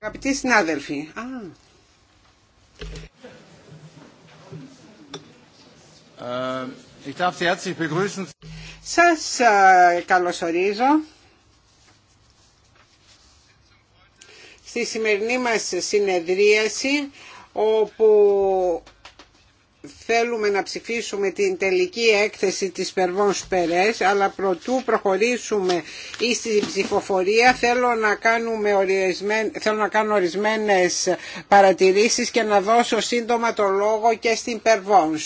Αγαπητοί συνάδελφοι. Α. Äh, Σας ε, καλωσορίζω στη σημερινή μας συνεδρίαση όπου θέλουμε να ψηφίσουμε την τελική έκθεση της Περβών Περές αλλά προτού προχωρήσουμε ή στη ψηφοφορία θέλω να, κάνουμε θέλω να κάνω ορισμένες παρατηρήσεις και να δώσω σύντομα το λόγο και στην Περβών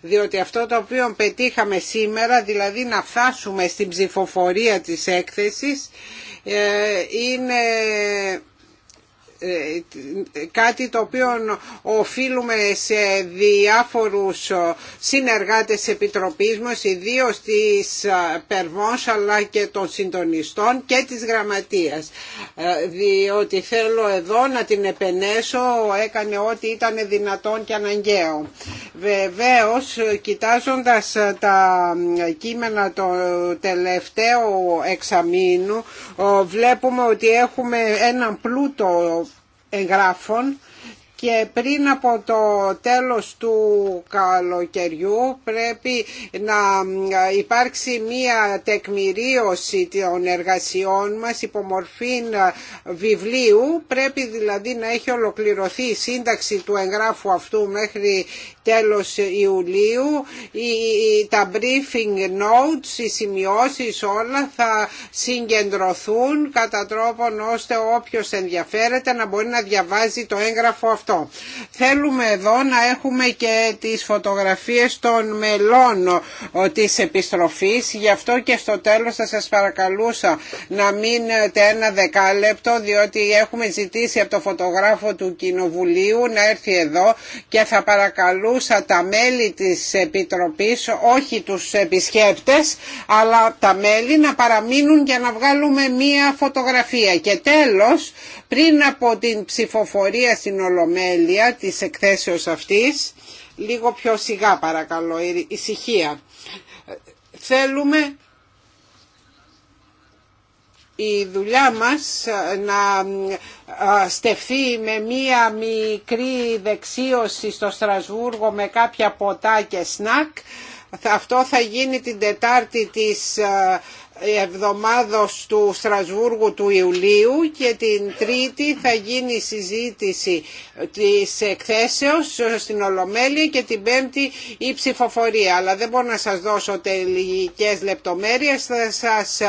διότι αυτό το οποίο πετύχαμε σήμερα δηλαδή να φτάσουμε στην ψηφοφορία της έκθεσης ε, είναι ε, κάτι το οποίο οφείλουμε σε διάφορους συνεργάτες Επιτροπής μας, ιδίως της ε, Περμός αλλά και των συντονιστών και της Γραμματείας. Ε, διότι θέλω εδώ να την επενέσω, έκανε ό,τι ήταν δυνατόν και αναγκαίο. Βεβαίως, κοιτάζοντας τα κείμενα το τελευταίο εξαμήνου, βλέπουμε ότι έχουμε έναν πλούτο εγγράφων και πριν από το τέλος του καλοκαιριού πρέπει να υπάρξει μία τεκμηρίωση των εργασιών μας μορφή βιβλίου. Πρέπει δηλαδή να έχει ολοκληρωθεί η σύνταξη του εγγράφου αυτού μέχρι τέλος Ιουλίου. Τα briefing notes, οι σημειώσεις όλα θα συγκεντρωθούν κατά τρόπον ώστε όποιος ενδιαφέρεται να μπορεί να διαβάζει το έγγραφο αυτό. Θέλουμε εδώ να έχουμε και τις φωτογραφίες των μελών της επιστροφής, γι' αυτό και στο τέλος θα σας παρακαλούσα να μείνετε ένα δεκάλεπτο, διότι έχουμε ζητήσει από το φωτογράφο του Κοινοβουλίου να έρθει εδώ και θα παρακαλούσα τα μέλη της Επιτροπής, όχι τους επισκέπτες, αλλά τα μέλη να παραμείνουν για να βγάλουμε μία φωτογραφία. Και τέλος, πριν από την ψηφοφορία στην Ολομέλεια, Τη της εκθέσεως αυτής. Λίγο πιο σιγά παρακαλώ, ησυχία. Θέλουμε η δουλειά μας να στεφθεί με μία μικρή δεξίωση στο Στρασβούργο με κάποια ποτά και σνακ. Αυτό θα γίνει την Τετάρτη της εβδομάδος του Στρασβούργου του Ιουλίου και την Τρίτη θα γίνει η συζήτηση της εκθέσεως στην Ολομέλεια και την Πέμπτη η ψηφοφορία. Αλλά δεν μπορώ να σας δώσω τελικές λεπτομέρειες, θα σας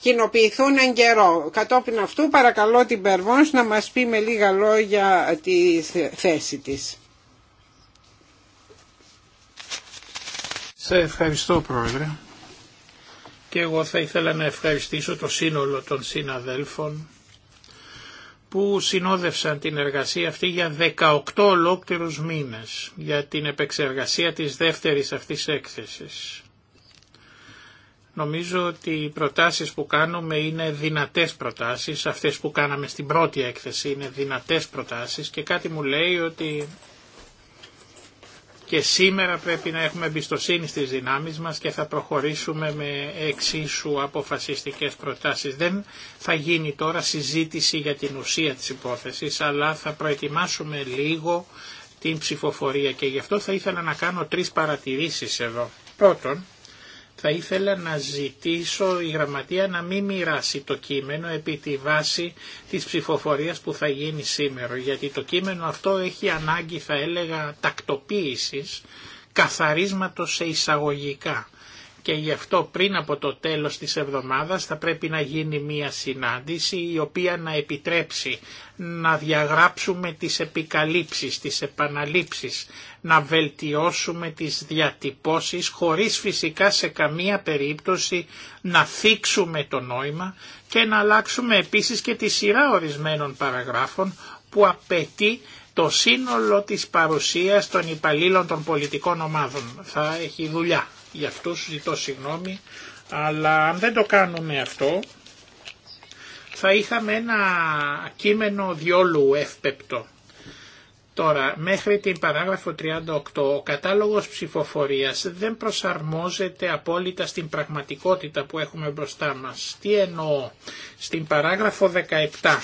κοινοποιηθούν εν καιρό. Κατόπιν αυτού παρακαλώ την Περβόνς να μας πει με λίγα λόγια τη θέση της. Σε ευχαριστώ Πρόεδρε και εγώ θα ήθελα να ευχαριστήσω το σύνολο των συναδέλφων που συνόδευσαν την εργασία αυτή για 18 ολόκληρους μήνες για την επεξεργασία της δεύτερης αυτής έκθεσης. Νομίζω ότι οι προτάσεις που κάνουμε είναι δυνατές προτάσεις, αυτές που κάναμε στην πρώτη έκθεση είναι δυνατές προτάσεις και κάτι μου λέει ότι και σήμερα πρέπει να έχουμε εμπιστοσύνη στις δυνάμεις μας και θα προχωρήσουμε με εξίσου αποφασιστικές προτάσεις. Δεν θα γίνει τώρα συζήτηση για την ουσία της υπόθεσης, αλλά θα προετοιμάσουμε λίγο την ψηφοφορία και γι' αυτό θα ήθελα να κάνω τρεις παρατηρήσεις εδώ. Πρώτον, θα ήθελα να ζητήσω η Γραμματεία να μην μοιράσει το κείμενο επί τη βάση της ψηφοφορίας που θα γίνει σήμερα, γιατί το κείμενο αυτό έχει ανάγκη, θα έλεγα, τακτοποίησης, καθαρίσματος σε εισαγωγικά και γι' αυτό πριν από το τέλος της εβδομάδας θα πρέπει να γίνει μία συνάντηση η οποία να επιτρέψει να διαγράψουμε τις επικαλύψεις, τις επαναλήψεις, να βελτιώσουμε τις διατυπώσεις χωρίς φυσικά σε καμία περίπτωση να θίξουμε το νόημα και να αλλάξουμε επίσης και τη σειρά ορισμένων παραγράφων που απαιτεί το σύνολο της παρουσίας των υπαλλήλων των πολιτικών ομάδων. Θα έχει δουλειά. Γι' αυτό ζητώ συγγνώμη, αλλά αν δεν το κάνουμε αυτό θα είχαμε ένα κείμενο διόλου εύπεπτο. Τώρα, μέχρι την παράγραφο 38, ο κατάλογος ψηφοφορίας δεν προσαρμόζεται απόλυτα στην πραγματικότητα που έχουμε μπροστά μας. Τι εννοώ, στην παράγραφο 17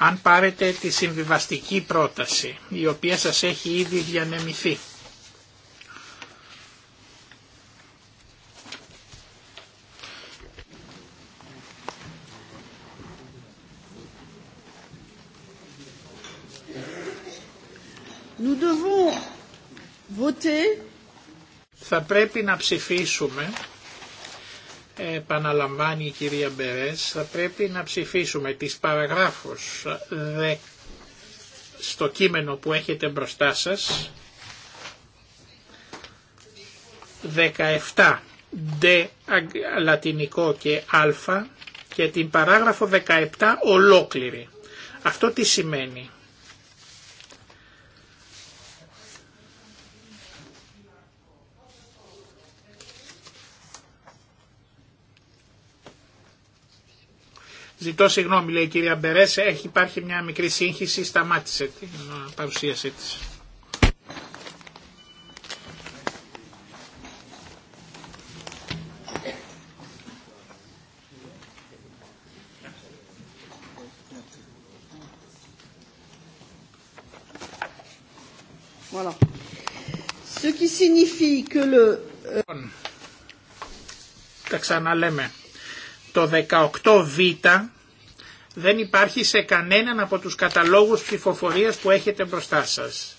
Αν πάρετε τη συμβιβαστική πρόταση, η οποία σας έχει ήδη διανεμηθεί, Θα πρέπει να ψηφίσουμε επαναλαμβάνει η κυρία Μπερές, θα πρέπει να ψηφίσουμε τις παραγράφους δε, στο κείμενο που έχετε μπροστά σας, 17 δε λατινικό και α και την παράγραφο 17 ολόκληρη. Αυτό τι σημαίνει. Ζητώ συγγνώμη, λέει η κυρία Μπερές, έχει υπάρχει μια μικρή σύγχυση, σταμάτησε την ε, παρουσίασή της. Ce qui signifie que le... Euh, λοιπόν, τα ξαναλέμε. Το 18β δεν υπάρχει σε κανέναν από τους καταλόγους ψηφοφορίας που έχετε μπροστά σας.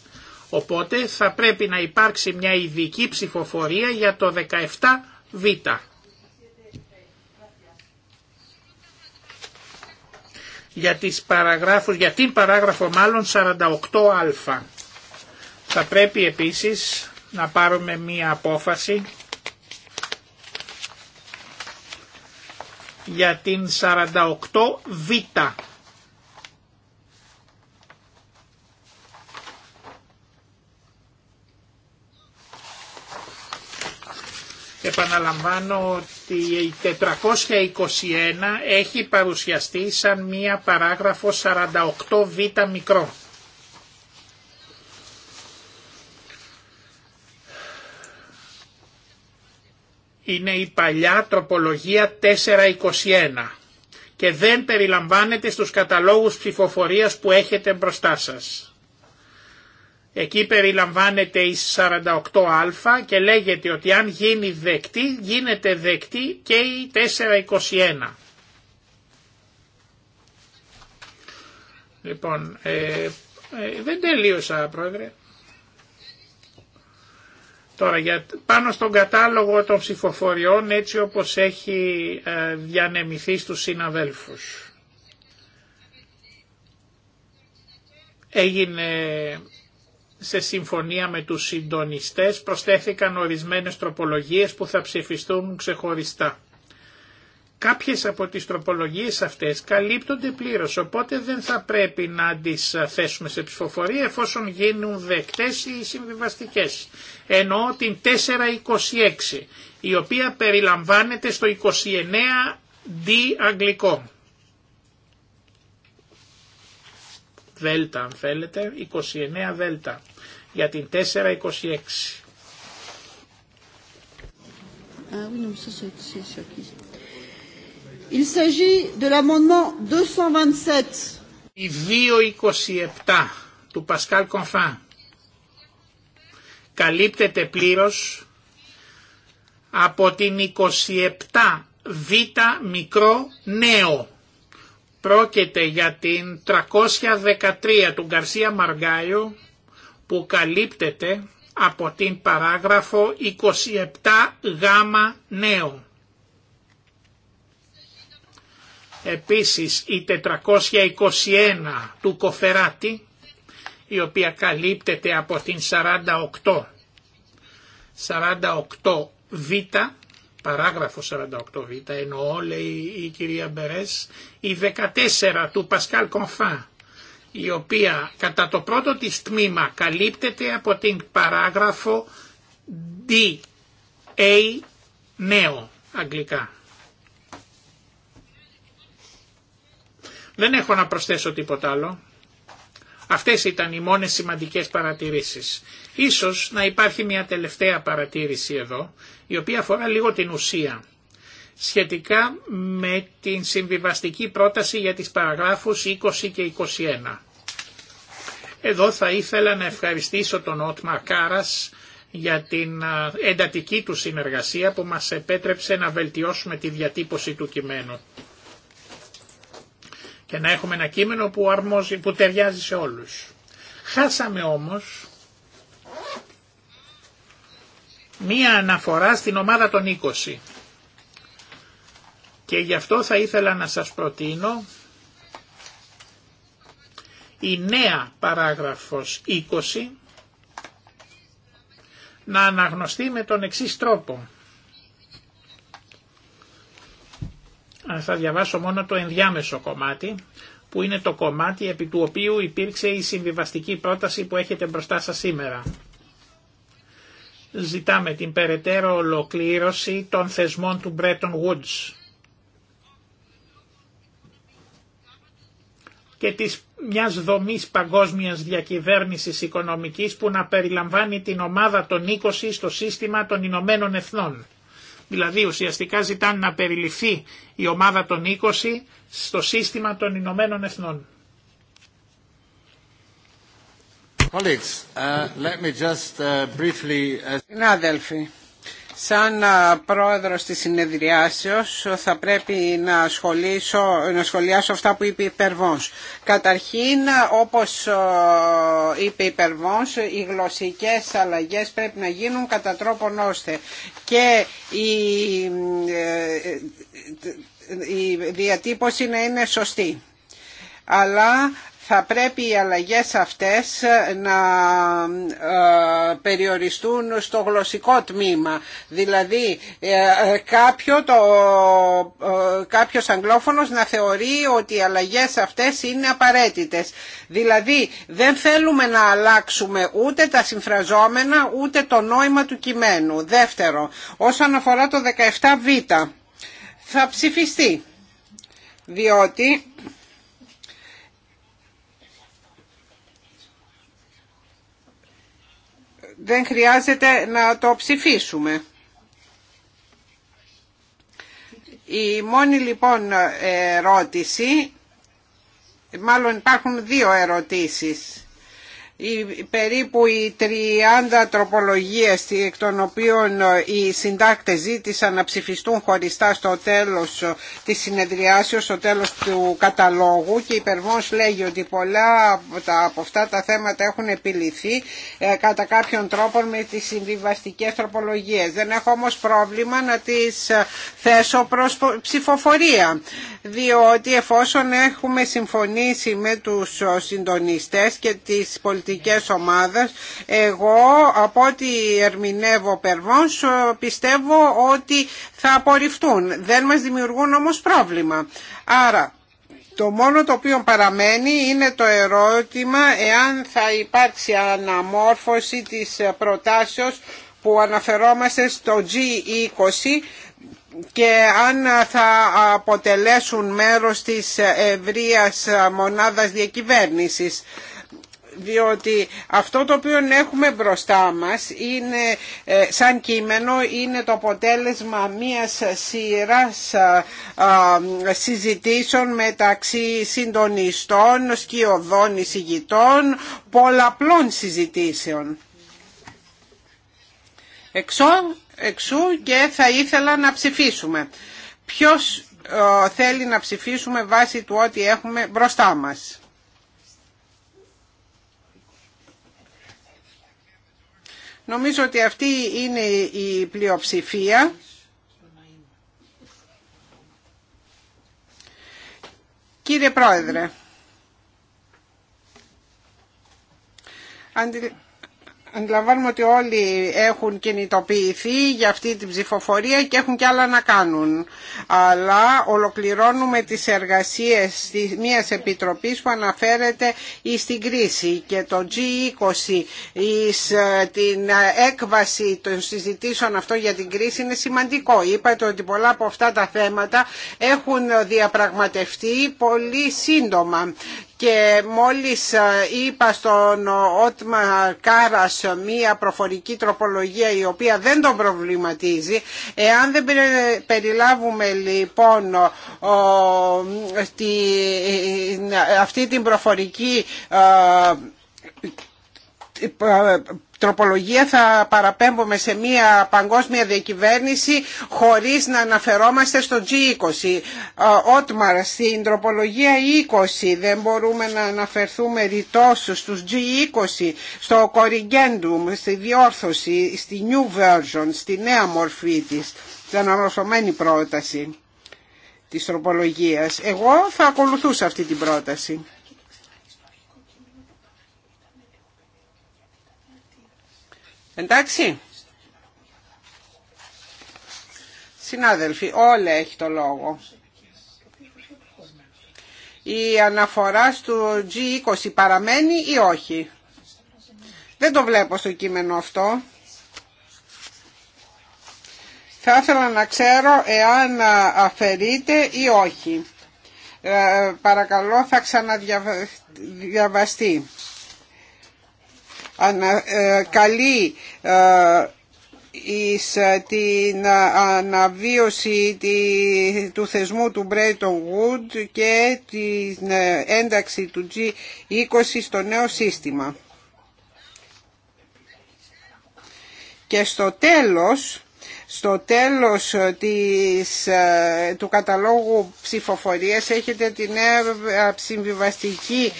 Οπότε θα πρέπει να υπάρξει μια ειδική ψηφοφορία για το 17β. Για, τις παραγράφους, για την παράγραφο μάλλον 48α. Θα πρέπει επίσης να πάρουμε μία απόφαση για την 48 Β. Επαναλαμβάνω ότι η 421 έχει παρουσιαστεί σαν μία παράγραφο 48 β μικρό. είναι η παλιά τροπολογία 421 και δεν περιλαμβάνεται στους καταλόγους ψηφοφορίας που έχετε μπροστά σας. Εκεί περιλαμβάνεται η 48α και λέγεται ότι αν γίνει δεκτή, γίνεται δεκτή και η 421. Λοιπόν, ε, ε, δεν τελείωσα πρόεδρε. Τώρα πάνω στον κατάλογο των ψηφοφοριών έτσι όπως έχει ε, διανεμηθεί στους συναδέλφους. Έγινε σε συμφωνία με τους συντονιστές, προσθέθηκαν ορισμένες τροπολογίες που θα ψηφιστούν ξεχωριστά. Κάποιες από τις τροπολογίες αυτές καλύπτονται πλήρως, οπότε δεν θα πρέπει να τις θέσουμε σε ψηφοφορία εφόσον γίνουν δεκτές οι συμβιβαστικές. Ενώ την 426, η οποία περιλαμβάνεται στο 29D αγγλικό. Δέλτα αν θέλετε, 29 Δέλτα για την 426. Ah oui, non, ça c'est η 227 του Πασκάλ Κομφά καλύπτεται πλήρως από την 27 Β μικρό νέο. Πρόκειται για την 313 του Γκαρσία Μαργάιο που καλύπτεται από την παράγραφο 27 Γ νέο. Επίσης η 421 του Κοφεράτη η οποία καλύπτεται από την 48. 48 Β, παράγραφο 48 Β, εννοώ λέει η κυρία Μπερές, η 14 του Πασκάλ Κομφά, η οποία κατά το πρώτο της τμήμα καλύπτεται από την παράγραφο D, A, νέο, αγγλικά. Δεν έχω να προσθέσω τίποτα άλλο. Αυτές ήταν οι μόνες σημαντικές παρατηρήσεις. Ίσως να υπάρχει μια τελευταία παρατήρηση εδώ, η οποία αφορά λίγο την ουσία. Σχετικά με την συμβιβαστική πρόταση για τις παραγράφους 20 και 21. Εδώ θα ήθελα να ευχαριστήσω τον Ότμα Κάρας για την εντατική του συνεργασία που μας επέτρεψε να βελτιώσουμε τη διατύπωση του κειμένου και να έχουμε ένα κείμενο που, αρμόζει, που ταιριάζει σε όλους. Χάσαμε όμως μία αναφορά στην ομάδα των 20. Και γι' αυτό θα ήθελα να σας προτείνω η νέα παράγραφος 20 να αναγνωστεί με τον εξής τρόπο. θα διαβάσω μόνο το ενδιάμεσο κομμάτι, που είναι το κομμάτι επί του οποίου υπήρξε η συμβιβαστική πρόταση που έχετε μπροστά σας σήμερα. Ζητάμε την περαιτέρω ολοκλήρωση των θεσμών του Bretton Woods και της μιας δομής παγκόσμιας διακυβέρνησης οικονομικής που να περιλαμβάνει την ομάδα των 20 στο σύστημα των Ηνωμένων Εθνών. Δηλαδή ουσιαστικά ζητάνε να περιληφθεί η ομάδα των 20 στο σύστημα των Ηνωμένων Εθνών. Colleagues, uh, let me just, uh, uh, Συνάδελφοι, Σαν πρόεδρος της συνεδριάσεως θα πρέπει να, να σχολιάσω αυτά που είπε η Περβόνς. Καταρχήν, όπως είπε η Περβόνς, οι γλωσσικές αλλαγές πρέπει να γίνουν κατά τρόπον ώστε και η ε, ε, η διατύπωση να είναι σωστή. Αλλά θα πρέπει οι αλλαγές αυτές να ε, περιοριστούν στο γλωσσικό τμήμα. Δηλαδή ε, ε, κάποιο το, κάποιος αγγλόφωνος να θεωρεί ότι οι αλλαγές αυτές είναι απαραίτητες. Δηλαδή δεν θέλουμε να αλλάξουμε ούτε τα συμφραζόμενα ούτε το νόημα του κειμένου. Δεύτερο, όσον αφορά το 17β θα ψηφιστεί διότι δεν χρειάζεται να το ψηφίσουμε. Η μόνη λοιπόν ερώτηση, μάλλον υπάρχουν δύο ερωτήσεις οι, περίπου οι 30 τροπολογίες εκ των οποίων ε, οι συντάκτες ζήτησαν να ψηφιστούν χωριστά στο τέλος ε, της συνεδριάσεως, στο τέλος του καταλόγου και η λέγει ότι πολλά από αυτά τα θέματα έχουν επιληθεί ε, κατά κάποιον τρόπο με τις συμβιβαστικές τροπολογίες. Δεν έχω όμως πρόβλημα να τις θέσω προς ψηφοφορία διότι εφόσον έχουμε συμφωνήσει με τους συντονιστές και τις πολιτικές ομάδες. Εγώ από ό,τι ερμηνεύω περβώς πιστεύω ότι θα απορριφθούν. Δεν μας δημιουργούν όμως πρόβλημα. Άρα το μόνο το οποίο παραμένει είναι το ερώτημα εάν θα υπάρξει αναμόρφωση της προτάσεως που αναφερόμαστε στο G20 και αν θα αποτελέσουν μέρος της ευρείας μονάδας διακυβέρνησης διότι αυτό το οποίο έχουμε μπροστά μας είναι ε, σαν κείμενο είναι το αποτέλεσμα μιας σειράς ε, ε, συζητήσεων μεταξύ συντονιστών, σκιωδών εισηγητών, πολλαπλών συζητήσεων. Εξώ, εξού και θα ήθελα να ψηφίσουμε. Ποιος θέλει να ψηφίσουμε βάσει του ότι έχουμε μπροστά μας. Νομίζω ότι αυτή είναι η πλειοψηφία. Κύριε Πρόεδρε, Αντιλαμβάνουμε ότι όλοι έχουν κινητοποιηθεί για αυτή την ψηφοφορία και έχουν και άλλα να κάνουν. Αλλά ολοκληρώνουμε τις εργασίες μιας επιτροπής που αναφέρεται στην κρίση και το G20 εις ε, την ε, έκβαση των συζητήσεων αυτό για την κρίση είναι σημαντικό. Είπατε ότι πολλά από αυτά τα θέματα έχουν διαπραγματευτεί πολύ σύντομα και μόλις ε, είπα στον ε, Ότμα Κάρας ε, μία προφορική τροπολογία η οποία δεν τον προβληματίζει εάν δεν περιλάβουμε λοιπόν αυτή την προφορική τροπολογία θα παραπέμπουμε σε μια παγκόσμια διακυβέρνηση χωρίς να αναφερόμαστε στο G20. Ε, Ότμαρ, στην τροπολογία 20 δεν μπορούμε να αναφερθούμε ρητός στους G20, στο Corrigendum, στη διόρθωση, στη New Version, στη νέα μορφή της, στην πρόταση της τροπολογίας. Εγώ θα ακολουθούσα αυτή την πρόταση. Εντάξει. Συνάδελφοι, όλα έχει το λόγο. Η αναφορά στο G20 παραμένει ή όχι. Δεν το βλέπω στο κείμενο αυτό. Θα ήθελα να ξέρω εάν αφαιρείται ή όχι. Ε, παρακαλώ θα ξαναδιαβαστεί. Ε, καλεί ε, την ε, αναβίωση του θεσμού του Bretton Woods και την ένταξη του G20 στο νέο σύστημα. Και στο τέλος, στο τέλος της, του καταλόγου ψηφοφορίας έχετε την νέα συμβιβαστική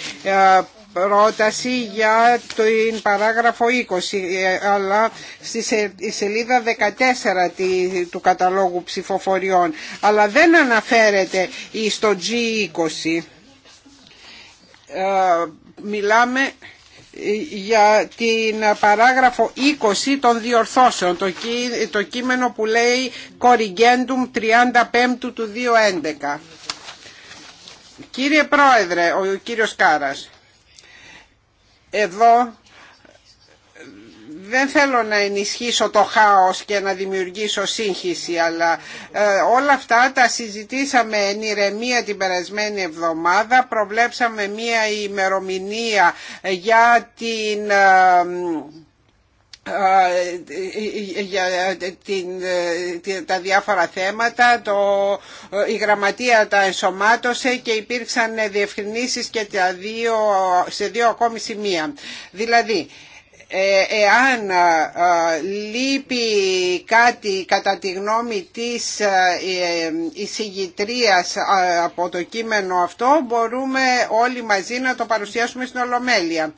πρόταση για την παράγραφο 20 ε, αλλά στη σελίδα 14 του καταλόγου ψηφοφοριών αλλά δεν αναφέρεται στο G20 ε, μιλάμε ε, για την παράγραφο 20 των διορθώσεων το, το κείμενο που λέει Corrigendum 35 του 2011 Κύριε Πρόεδρε, ο κύριος Κάρας εδώ δεν θέλω να ενισχύσω το χάος και να δημιουργήσω σύγχυση, αλλά ε, όλα αυτά τα συζητήσαμε εν ηρεμία την περασμένη εβδομάδα. Προβλέψαμε μία ημερομηνία για την... Ε, ε, ε, ε, για τα διάφορα θέματα το, η γραμματεία τα ενσωμάτωσε και υπήρξαν διευκρινήσεις και τα δύο, σε δύο ακόμη σημεία δηλαδή ε, εάν λείπει κάτι κατά τη γνώμη της ε, ε, εισηγητρίας από το κείμενο αυτό μπορούμε όλοι μαζί να το παρουσιάσουμε στην Ολομέλεια.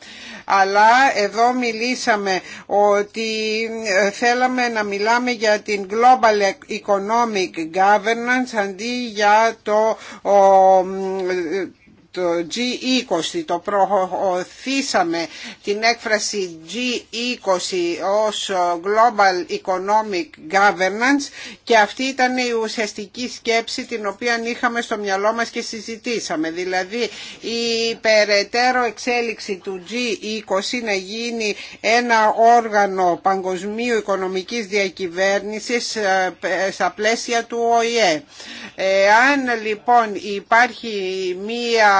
Αλλά εδώ μιλήσαμε ότι θέλαμε να μιλάμε για την Global Economic Governance αντί για το το G20 το προωθήσαμε την έκφραση G20 ως Global Economic Governance και αυτή ήταν η ουσιαστική σκέψη την οποία είχαμε στο μυαλό μας και συζητήσαμε δηλαδή η περαιτέρω εξέλιξη του G20 να γίνει ένα όργανο παγκοσμίου οικονομικής διακυβέρνησης ε, στα πλαίσια του ΟΗΕ. Ε, αν λοιπόν υπάρχει μία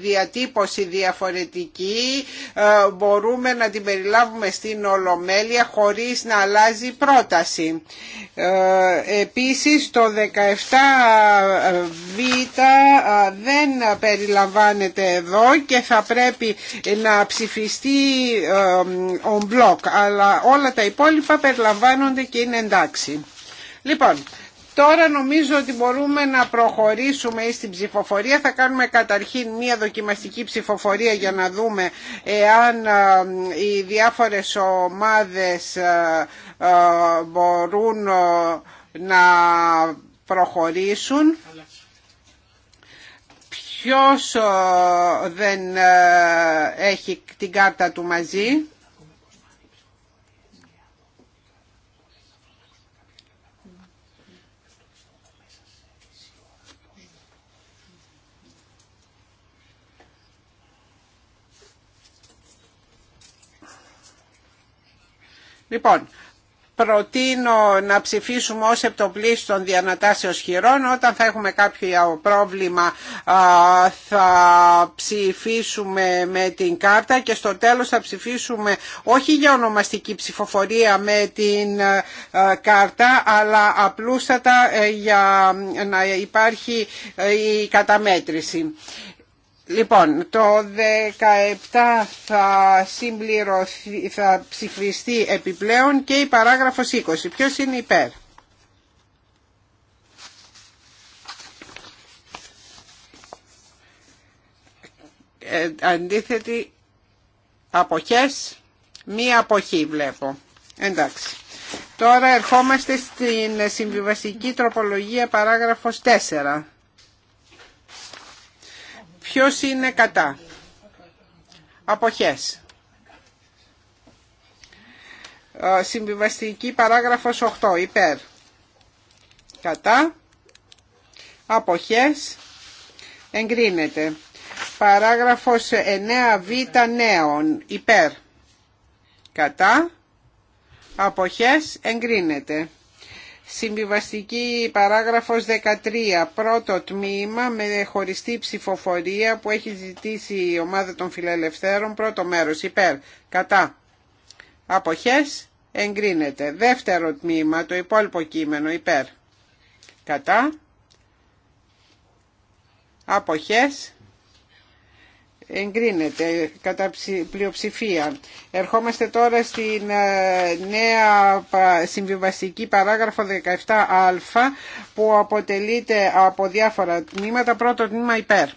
διατύπωση διαφορετική ε, μπορούμε να την περιλάβουμε στην Ολομέλεια χωρίς να αλλάζει πρόταση. Ε, επίσης το 17β ε, δεν περιλαμβάνεται εδώ και θα πρέπει να ψηφιστεί ο μπλοκ αλλά όλα τα υπόλοιπα περιλαμβάνονται και είναι εντάξει. Λοιπόν, Τώρα νομίζω ότι μπορούμε να προχωρήσουμε στην ψηφοφορία. Θα κάνουμε καταρχήν μία δοκιμαστική ψηφοφορία για να δούμε εάν ε, οι διάφορες ομάδες ε, ε, μπορούν να προχωρήσουν. Ποιος δεν έχει την κάρτα του μαζί. Λοιπόν, προτείνω να ψηφίσουμε ως των διανατάσεως χειρών. Όταν θα έχουμε κάποιο πρόβλημα θα ψηφίσουμε με την κάρτα και στο τέλος θα ψηφίσουμε όχι για ονομαστική ψηφοφορία με την κάρτα αλλά απλούστατα ε, για να υπάρχει ε, η καταμέτρηση. Λοιπόν, το 17 θα συμπληρωθεί, θα ψηφιστεί επιπλέον και η παράγραφος 20. Ποιος είναι υπέρ. Ε, αντίθετη αποχές, μία αποχή βλέπω. Εντάξει. Τώρα ερχόμαστε στην συμβιβαστική τροπολογία παράγραφος 4. Ποιος είναι κατά. Αποχές. Ε, συμβιβαστική παράγραφος 8. Υπέρ. Κατά. Αποχές. Εγκρίνεται. Παράγραφος 9β νέων. Υπέρ. Κατά. Αποχές εγκρίνεται. Συμβιβαστική παράγραφος 13, πρώτο τμήμα με χωριστή ψηφοφορία που έχει ζητήσει η ομάδα των φιλελευθέρων, πρώτο μέρος, υπέρ, κατά. Αποχές, εγκρίνεται. Δεύτερο τμήμα, το υπόλοιπο κείμενο, υπέρ, κατά. Αποχές, εγκρίνεται κατά πλειοψηφία. Ερχόμαστε τώρα στην ε, νέα συμβιβαστική παράγραφο 17α που αποτελείται από διάφορα τμήματα. Πρώτο τμήμα υπέρ.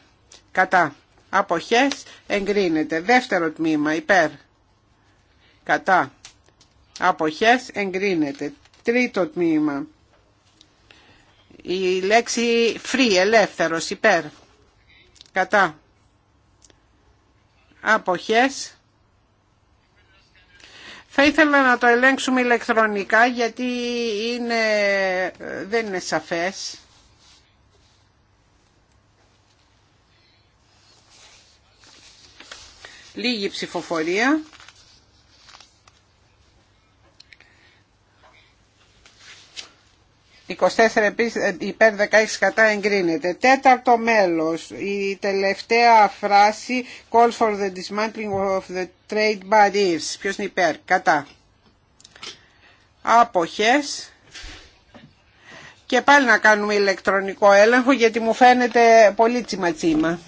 Κατά. Αποχές εγκρίνεται. Δεύτερο τμήμα υπέρ. Κατά. Αποχές εγκρίνεται. Τρίτο τμήμα. Η λέξη free, ελεύθερος, υπέρ. Κατά αποχές. Θα ήθελα να το ελέγξουμε ηλεκτρονικά γιατί είναι, δεν είναι σαφές. Λίγη ψηφοφορία. 24 επί ε, υπέρ 16 κατά εγκρίνεται. Τέταρτο μέλος, η τελευταία φράση call for the dismantling of the trade barriers. Ποιος είναι υπέρ, κατά. Άποχες. Και πάλι να κάνουμε ηλεκτρονικό έλεγχο γιατί μου φαίνεται πολύ τσιματσίμα.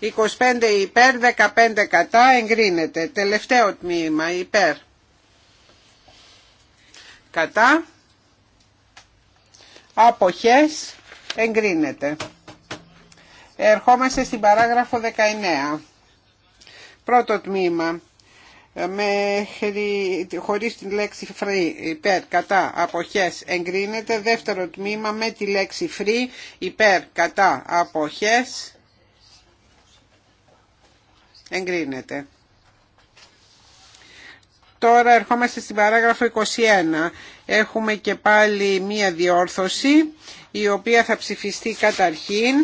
25 υπέρ, 15 κατά, εγκρίνεται. Τελευταίο τμήμα υπέρ. Κατά. Αποχές, εγκρίνεται. Ερχόμαστε στην παράγραφο 19. Πρώτο τμήμα. Μέχρι, χωρίς τη λέξη free, υπέρ, κατά, αποχές, εγκρίνεται. Δεύτερο τμήμα με τη λέξη free, υπέρ, κατά, αποχές, Εγκρίνεται. Τώρα ερχόμαστε στην παράγραφο 21. Έχουμε και πάλι μία διόρθωση η οποία θα ψηφιστεί καταρχήν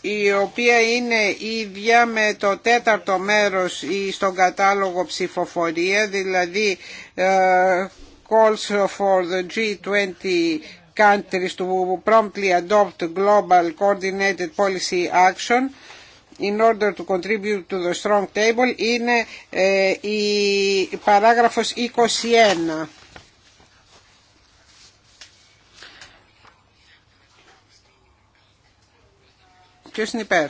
η οποία είναι ίδια με το τέταρτο μέρος στον κατάλογο ψηφοφορία, δηλαδή ε, calls for the G20 countries του promptly adopt global coordinated policy action in order to contribute to the strong table είναι η παράγραφος 21. Ποιος είναι υπέρ.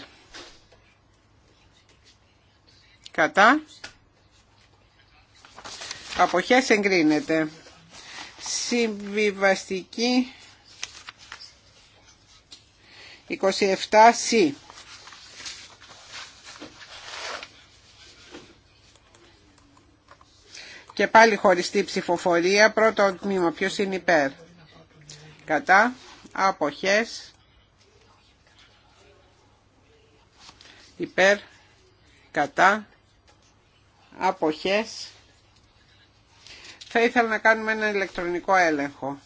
Κατά. Αποχές εγκρίνεται. Συμβιβαστική 27C. Και πάλι χωριστή ψηφοφορία. Πρώτο τμήμα. ποιο είναι υπέρ. Κατά. Αποχές. Υπέρ. Κατά. Αποχές. Θα ήθελα να κάνουμε ένα ηλεκτρονικό έλεγχο.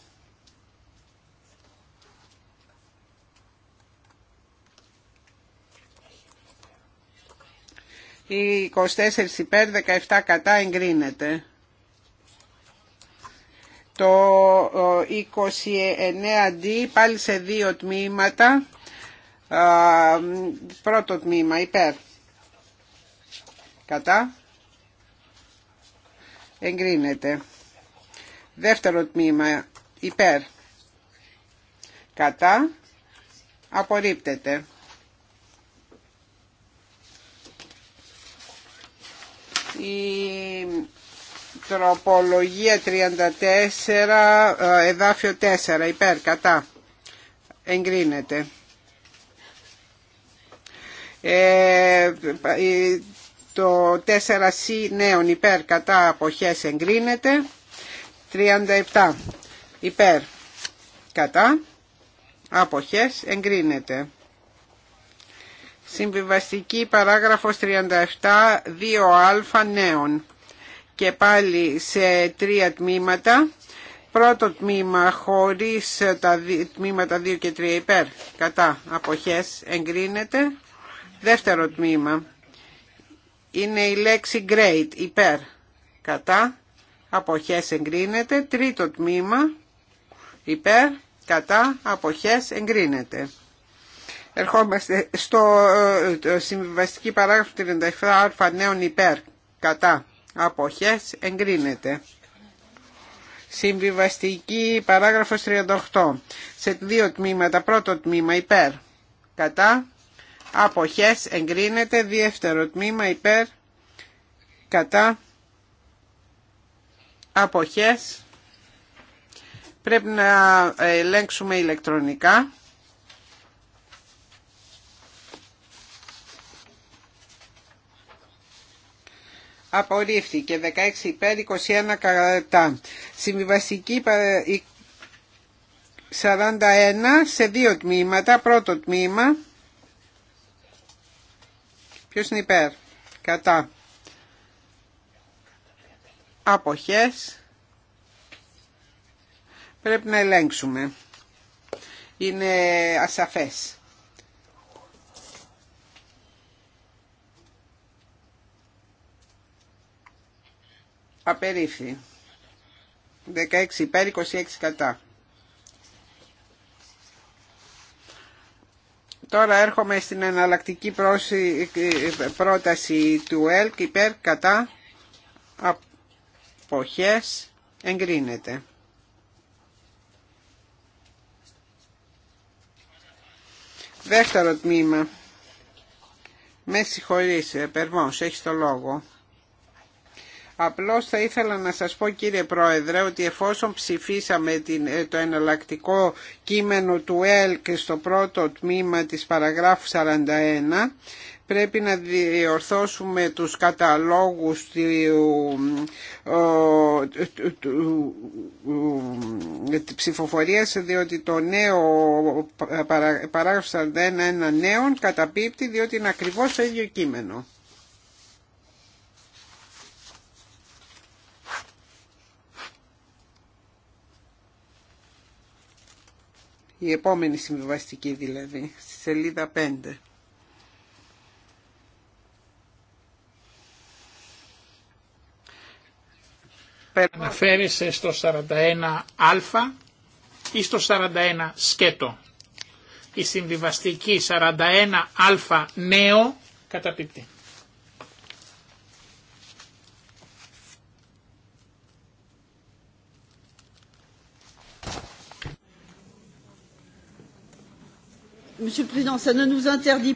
Οι 24 υπέρ 17 κατά εγκρίνεται. Το 29D πάλι σε δύο τμήματα. Πρώτο τμήμα υπέρ. Κατά. Εγκρίνεται. Δεύτερο τμήμα υπέρ. Κατά. Απορρίπτεται. η τροπολογία 34 ε, εδάφιο 4 υπέρ κατά εγκρίνεται ε, το 4C νέων υπέρ κατά αποχές εγκρίνεται 37 υπέρ κατά αποχές εγκρίνεται Συμβιβαστική παράγραφος 37 2α νέων και πάλι σε τρία τμήματα. Πρώτο τμήμα χωρίς τα τμήματα 2 και 3 υπέρ κατά αποχές εγκρίνεται. Δεύτερο τμήμα είναι η λέξη great υπέρ κατά αποχές εγκρίνεται. Τρίτο τμήμα υπέρ κατά αποχές εγκρίνεται. Ερχόμαστε στο ε, ε, συμβιβαστική παράγραφο 37α νέων υπέρ κατά αποχές εγκρίνεται. Συμβιβαστική παράγραφος 38 σε δύο τμήματα. Πρώτο τμήμα υπέρ κατά αποχές εγκρίνεται. Δεύτερο τμήμα υπέρ κατά αποχές πρέπει να ελέγξουμε ηλεκτρονικά. απορρίφθηκε 16 υπέρ 21 κατά. Συμβιβαστική 41 σε δύο τμήματα. Πρώτο τμήμα. Ποιος είναι υπέρ. Κατά. Αποχές. Πρέπει να ελέγξουμε. Είναι ασαφές. Απερίφθη. 16 υπέρ, 26 κατά. Τώρα έρχομαι στην εναλλακτική ε, πρόταση του ΕΛΚ υπέρ κατά αποχές εγκρίνεται. Δεύτερο τμήμα. Με συγχωρείς, Περμός, έχεις το λόγο. Απλώς θα ήθελα να σας πω κύριε Πρόεδρε ότι εφόσον ψηφίσαμε ε, το εναλλακτικό κείμενο του ΕΛΚ στο πρώτο τμήμα της παραγράφου 41 πρέπει να διορθώσουμε τους καταλόγους του ε, ψηφοφορίας διότι το νέο παράγραφος 41 νέων καταπίπτει διότι είναι ακριβώς το ίδιο κείμενο. η επόμενη συμβιβαστική δηλαδή, στη σελίδα 5. Αναφέρεσαι στο 41α ή στο 41 σκέτο. Η συμβιβαστική 41α νέο καταπίπτει.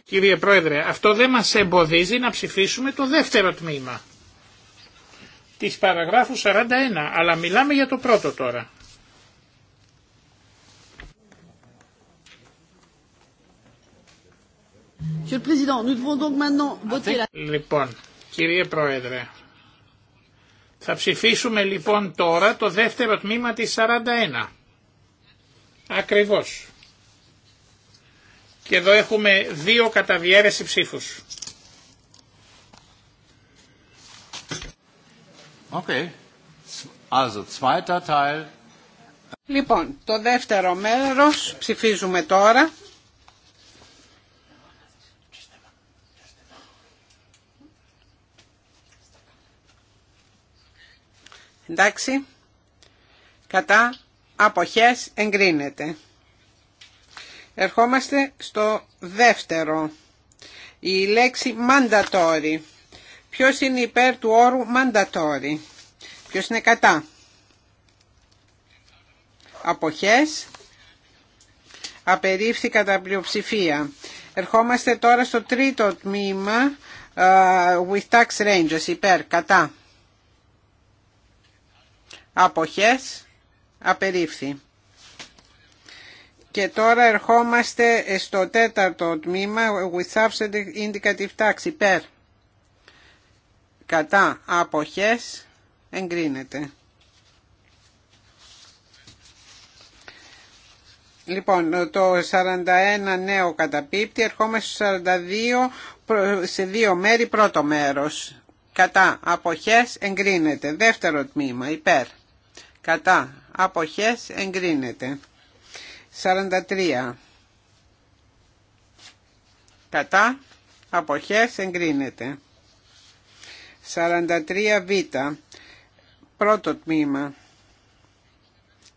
Κύριε Πρόεδρε, αυτό δεν μας εμποδίζει να ψηφίσουμε το δεύτερο τμήμα της παραγράφου 41, αλλά μιλάμε για το πρώτο τώρα. Λοιπόν, κύριε Πρόεδρε, θα ψηφίσουμε λοιπόν τώρα το δεύτερο τμήμα της 41. Ακριβώς. Και εδώ έχουμε δύο καταβιέρεση ψήφους. Okay. Also, zweiter Teil. Λοιπόν, το δεύτερο μέρος ψηφίζουμε τώρα. Εντάξει. Κατά αποχές εγκρίνεται. Ερχόμαστε στο δεύτερο. Η λέξη mandatory. Ποιος είναι υπέρ του όρου mandatory. Ποιος είναι κατά. Αποχές. Απερίφθη κατά πλειοψηφία. Ερχόμαστε τώρα στο τρίτο τμήμα uh, with tax ranges. Υπέρ, κατά. Αποχές. Απερίφθη. Και τώρα ερχόμαστε στο τέταρτο τμήμα, with substantive indicative tax, υπέρ. Κατά αποχές εγκρίνεται. Λοιπόν, το 41 νέο καταπίπτει, ερχόμαστε στο 42 σε δύο μέρη πρώτο μέρος. Κατά αποχές εγκρίνεται. Δεύτερο τμήμα, υπέρ. Κατά αποχές εγκρίνεται. 43 κατά αποχές εγκρίνεται 43 β πρώτο τμήμα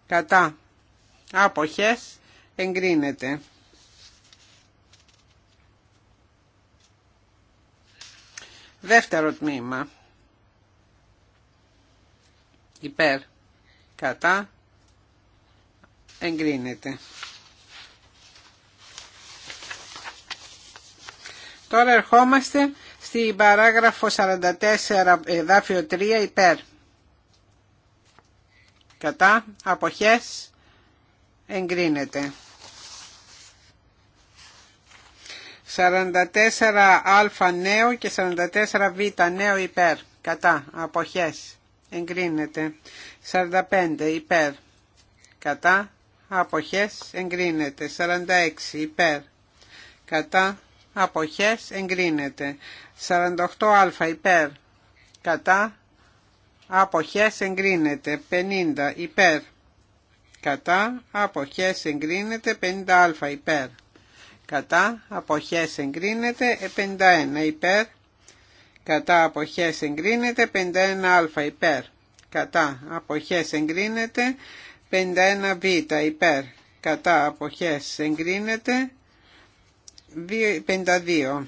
κατά αποχές Δεύτερο τμήμα υπέρ κατά εγκρίνεται. Τώρα ερχόμαστε στην παράγραφο 44 ε, εδάφιο 3 υπέρ. Κατά αποχές εγκρίνεται. 44α νέο και 44β νέο υπέρ. Κατά αποχές εγκρίνεται. 45 υπέρ. Κατά αποχές εγκρίνεται. 46 υπέρ κατά αποχές εγκρίνεται. 48α υπέρ κατά αποχές εγκρίνεται. 50 υπέρ κατά αποχές εγκρίνεται. 50α υπέρ κατά αποχές εγκρίνεται. 51 υπέρ κατά αποχές εγκρίνεται. 51α υπέρ κατά αποχές εγκρίνεται. 51β υπέρ κατά αποχές εγκρίνεται 52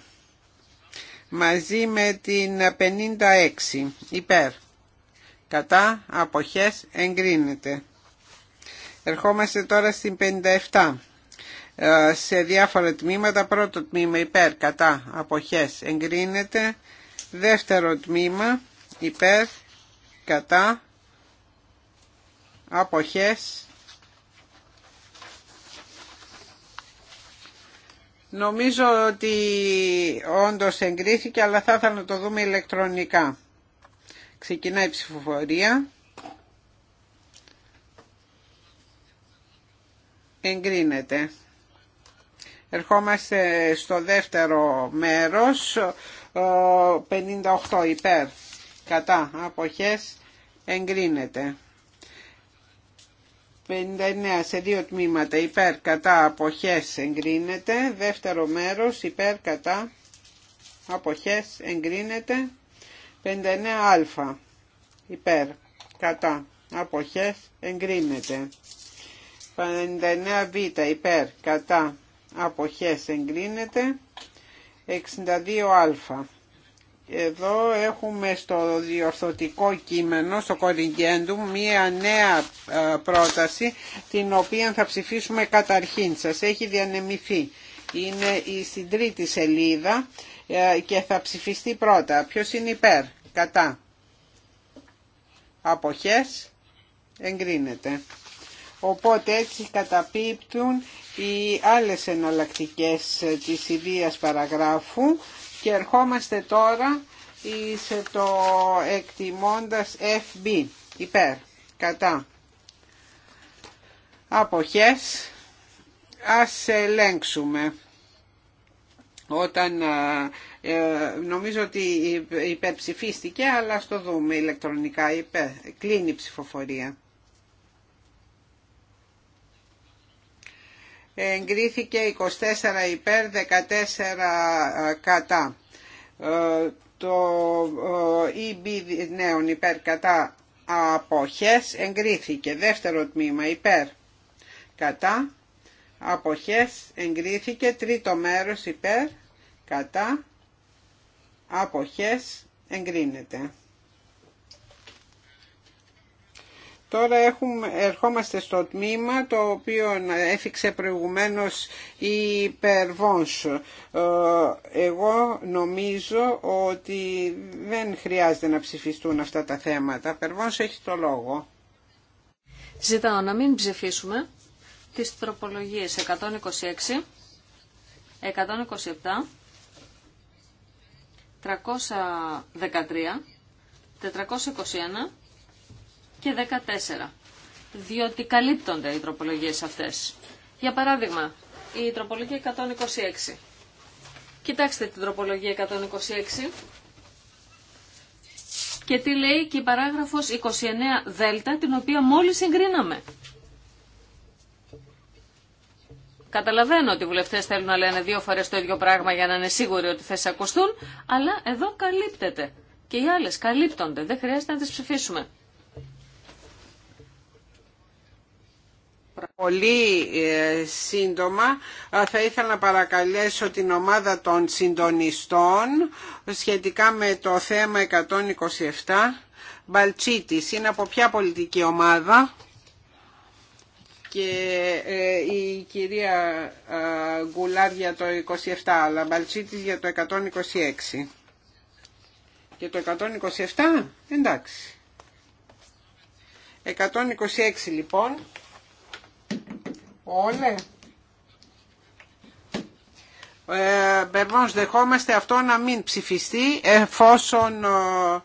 μαζί με την 56 υπέρ κατά αποχές εγκρίνεται ερχόμαστε τώρα στην 57 ε, σε διάφορα τμήματα πρώτο τμήμα υπέρ κατά αποχές εγκρίνεται δεύτερο τμήμα υπέρ κατά αποχές Νομίζω ότι όντως εγκρίθηκε αλλά θα ήθελα να το δούμε ηλεκτρονικά. Ξεκινάει η ψηφοφορία. Εγκρίνεται. Ερχόμαστε στο δεύτερο μέρος, 58 υπέρ, κατά, αποχές, εγκρίνεται. 59 σε δύο τμήματα υπέρ κατά αποχές εγκρίνεται. Δεύτερο μέρος υπέρ κατά αποχές εγκρίνεται. 59α υπέρ κατά αποχές εγκρίνεται. 59β υπέρ κατά αποχές εγκρίνεται. 62α εδώ έχουμε στο διορθωτικό κείμενο, στο κοριγκέντου, μία νέα ε, πρόταση την οποία θα ψηφίσουμε καταρχήν. Σας έχει διανεμηθεί. Είναι στην τρίτη σελίδα ε, και θα ψηφιστεί πρώτα. Ποιος είναι υπέρ, κατά. Αποχές, εγκρίνεται. Οπότε έτσι καταπίπτουν οι άλλες εναλλακτικές ε, της ιδίας παραγράφου και ερχόμαστε τώρα σε το εκτιμώντας FB υπέρ κατά αποχές ας ελέγξουμε όταν ε, νομίζω ότι υπερψηφίστηκε αλλά στο δούμε ηλεκτρονικά υπέρ, κλείνει η ψηφοφορία εγκρίθηκε 24 υπέρ 14 ε, κατά. Ε, το EB ε, νέων υπέρ κατά αποχές εγκρίθηκε. Δεύτερο τμήμα υπέρ κατά αποχές εγκρίθηκε. Τρίτο μέρος υπέρ κατά αποχές εγκρίνεται. Τώρα έχουμε, ερχόμαστε στο τμήμα το οποίο έφυξε προηγουμένως η Περβόνσο. Ε, εγώ νομίζω ότι δεν χρειάζεται να ψηφιστούν αυτά τα θέματα. Περβόνς έχει το λόγο. Ζητάω να μην ψηφίσουμε τις τροπολογίες 126, 127, 313, 421, και 14, διότι καλύπτονται οι τροπολογίες αυτές. Για παράδειγμα, η τροπολογία 126. Κοιτάξτε την τροπολογία 126 και τι λέει και η παράγραφος 29 δέλτα, την οποία μόλις συγκρίναμε. Καταλαβαίνω ότι οι βουλευτέ θέλουν να λένε δύο φορέ το ίδιο πράγμα για να είναι σίγουροι ότι θα σε ακουστούν, αλλά εδώ καλύπτεται. Και οι άλλε καλύπτονται. Δεν χρειάζεται να τι ψηφίσουμε. Πολύ ε, σύντομα ε, θα ήθελα να παρακαλέσω την ομάδα των συντονιστών σχετικά με το θέμα 127. Μπαλτσίτης είναι από ποια πολιτική ομάδα και ε, η κυρία Γκουλάρ για το 27 αλλά Μπαλτσίτης για το 126. Και το 127 εντάξει. 126 λοιπόν. Όλε. Ε, δεχόμαστε αυτό να μην ψηφιστεί εφόσον ε,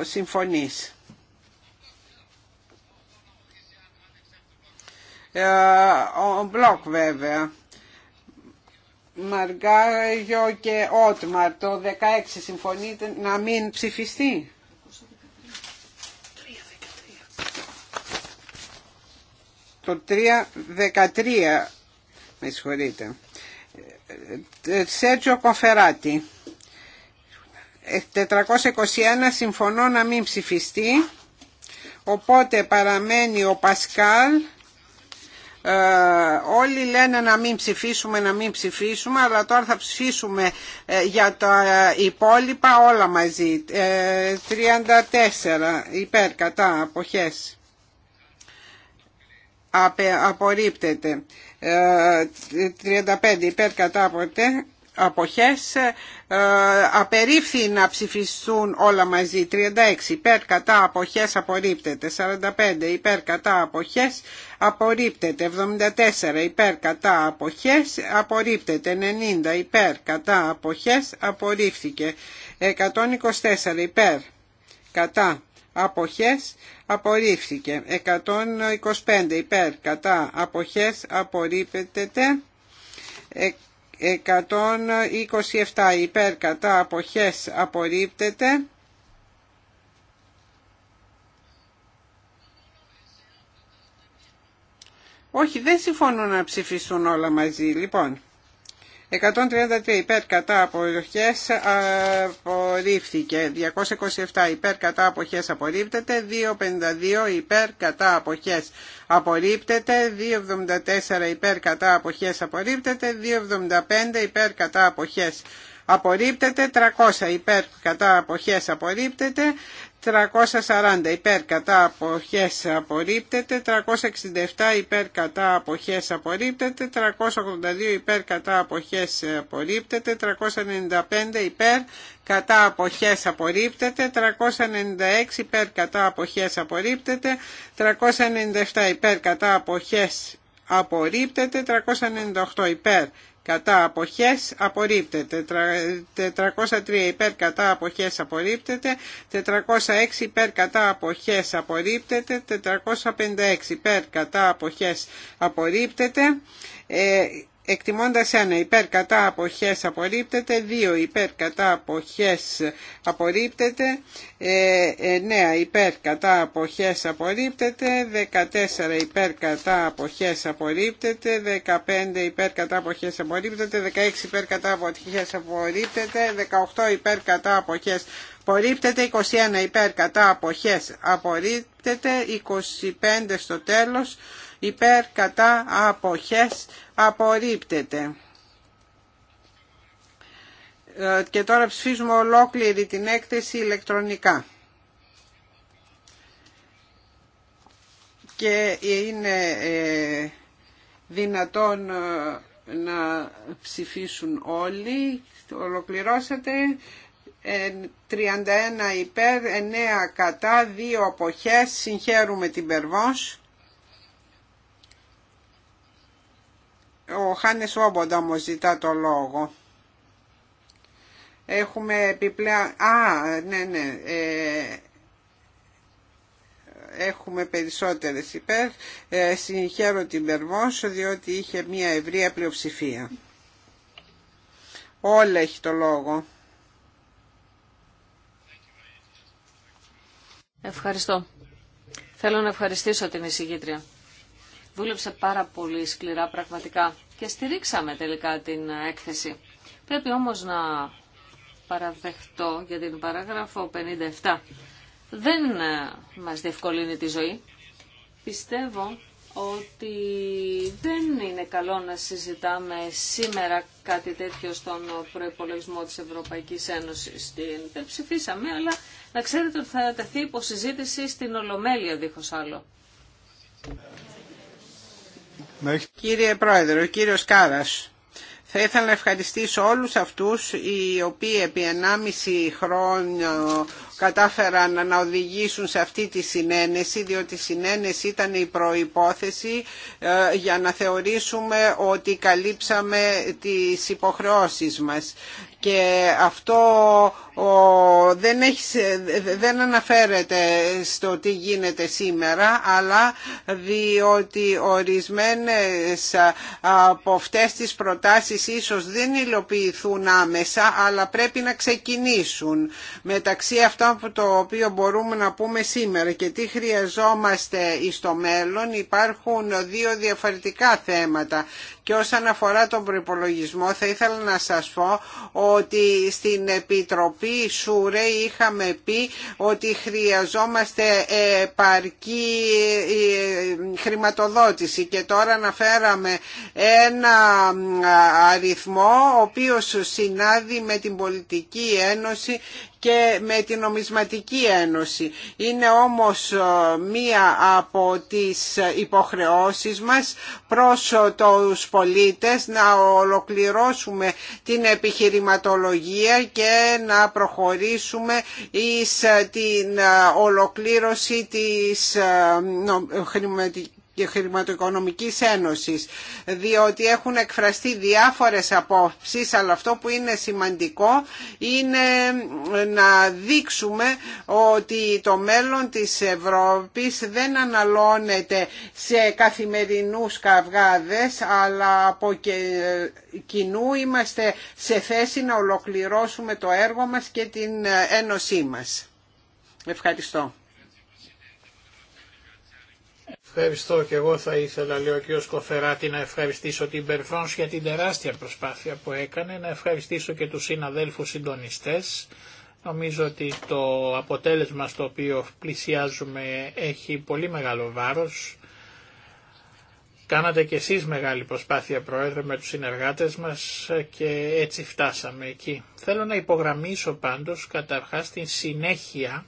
ε, συμφωνείς. Ε, ο Μπλοκ βέβαια. Μαργάριο και Ότμαρ, το 16 συμφωνείτε να μην ψηφιστεί. το 313 με συγχωρείτε ε, Σέτζο Κοφεράτη 421 ε, συμφωνώ να μην ψηφιστεί οπότε παραμένει ο Πασκάλ ε, όλοι λένε να μην ψηφίσουμε, να μην ψηφίσουμε, αλλά τώρα θα ψηφίσουμε για τα υπόλοιπα όλα μαζί. 34 υπέρ κατά αποχές απορρίπτεται 35 ε, υπέρ κατά αποχές, αποχές ε, απερίφθη να ψηφιστούν όλα μαζί 36 υπέρ κατά αποχές απορρίπτεται 45 υπέρ κατά αποχές απορρίπτεται 74 υπέρ κατά αποχές απορρίπτεται 90 υπέρ κατά αποχές απορρίφθηκε 124 υπέρ κατά αποχές απορρίφθηκε. 125 υπέρ κατά αποχές απορρίπτεται. 127 υπέρ κατά αποχές απορρίπτεται. Όχι, δεν συμφωνούν να ψηφιστούν όλα μαζί. Λοιπόν, 133 υπέρ κατά αποχές απορρίφθηκε. 227 υπέρ κατά αποχές απορρίπτεται. 252 υπέρ κατά αποχές απορρίπτεται. 274 υπέρ κατά αποχές απορρίπτεται. 275 υπέρ κατά αποχές απορρίπτεται. 300 υπέρ κατά αποχές απορρίπτεται. 340 υπέρ κατά αποχές απορρίπτεται, 367 υπέρ κατά αποχές απορρίπτεται, 382 υπέρ κατά αποχές απορρίπτεται, 395 υπέρ κατά αποχές απορρίπτεται, 396 υπέρ κατά αποχές απορρίπτεται, 397 υπέρ κατά αποχές απορρίπτεται, 398 υπέρ κατά αποχές απορρίπτεται, 403 υπέρ κατά αποχές απορρίπτεται, 406 υπέρ κατά αποχές απορρίπτεται, 456 υπέρ κατά αποχές απορρίπτεται, ε, Εκτιμώντας 1 υπέρ κατά αποχές απορρίπτεται, 2 υπέρ κατά αποχές απορρίπτεται, 9 ε, ε, υπέρ κατά αποχές απορρίπτεται, 14 υπέρ κατά αποχές απορρίπτεται, 15 υπέρ κατά αποχές απορρίπτεται, 16 υπέρ κατά αποχές απορρίπτεται, 18 υπέρ κατά αποχές απορρίπτεται, 21 υπέρ κατά αποχές απορρίπτεται, 25 στο τέλος, υπέρ κατά αποχές απορρίπτεται. Ε, και τώρα ψηφίζουμε ολόκληρη την έκθεση ηλεκτρονικά. Και είναι ε, δυνατόν ε, να ψηφίσουν όλοι. Ολοκληρώσατε. 31 υπέρ, 9 κατά, 2 αποχές. Συγχαίρουμε την Περβός. Χάνε Σόμποντα μου ζητά το λόγο. Έχουμε επιπλέον... Α, ναι, ναι. Ε, έχουμε περισσότερες υπέρ. Ε, συγχαίρω την Περβόσο διότι είχε μια ευρία πλειοψηφία. Όλα έχει το λόγο. Ευχαριστώ. Θέλω να ευχαριστήσω την εισηγήτρια. Δούλεψε πάρα πολύ σκληρά πραγματικά και στηρίξαμε τελικά την έκθεση. Πρέπει όμως να παραδεχτώ για την παράγραφο 57. Δεν ε, μας διευκολύνει τη ζωή. Πιστεύω ότι δεν είναι καλό να συζητάμε σήμερα κάτι τέτοιο στον προϋπολογισμό της Ευρωπαϊκής Ένωσης. Την ψηφίσαμε, αλλά να ξέρετε ότι θα τεθεί υποσυζήτηση στην Ολομέλεια δίχως άλλο. Κύριε Πρόεδρε, ο κύριος Κάρας. Θα ήθελα να ευχαριστήσω όλους αυτούς οι οποίοι επί 1,5 χρόνια κατάφεραν να οδηγήσουν σε αυτή τη συνένεση, διότι η συνένεση ήταν η προϋπόθεση ε, για να θεωρήσουμε ότι καλύψαμε τις υποχρεώσεις μας. Και αυτό δεν, δεν αναφέρεται στο τι γίνεται σήμερα αλλά διότι ορισμένες από αυτές τις προτάσεις ίσως δεν υλοποιηθούν άμεσα αλλά πρέπει να ξεκινήσουν μεταξύ αυτών που το οποίο μπορούμε να πούμε σήμερα και τι χρειαζόμαστε στο μέλλον υπάρχουν δύο διαφορετικά θέματα και όσον αφορά τον προπολογισμό θα ήθελα να σας πω ότι στην Επιτροπή Σουρέ είχαμε πει ότι χρειαζόμαστε επαρκή ε, χρηματοδότηση και τώρα αναφέραμε ένα αριθμό ο οποίος συνάδει με την Πολιτική Ένωση και με την Νομισματική Ένωση. Είναι όμως ε, μία από τις υποχρεώσεις μας προς ε, τους πολίτες να ολοκληρώσουμε την επιχειρηματολογία και να προχωρήσουμε εις ε, την ολοκλήρωση της χρηματικής και Χρηματοοικονομικής Ένωσης διότι έχουν εκφραστεί διάφορες απόψεις αλλά αυτό που είναι σημαντικό είναι να δείξουμε ότι το μέλλον της Ευρώπης δεν αναλώνεται σε καθημερινούς καυγάδες αλλά από κοινού είμαστε σε θέση να ολοκληρώσουμε το έργο μας και την ένωσή μας. Ευχαριστώ. Ευχαριστώ και εγώ θα ήθελα, λέει ο κ. Σκοφεράτη, να ευχαριστήσω την Περφόνς για την τεράστια προσπάθεια που έκανε, να ευχαριστήσω και τους συναδέλφους συντονιστές. Νομίζω ότι το αποτέλεσμα στο οποίο πλησιάζουμε έχει πολύ μεγάλο βάρος. Κάνατε κι εσείς μεγάλη προσπάθεια, Πρόεδρε, με τους συνεργάτες μας και έτσι φτάσαμε εκεί. Θέλω να υπογραμμίσω πάντως καταρχάς την συνέχεια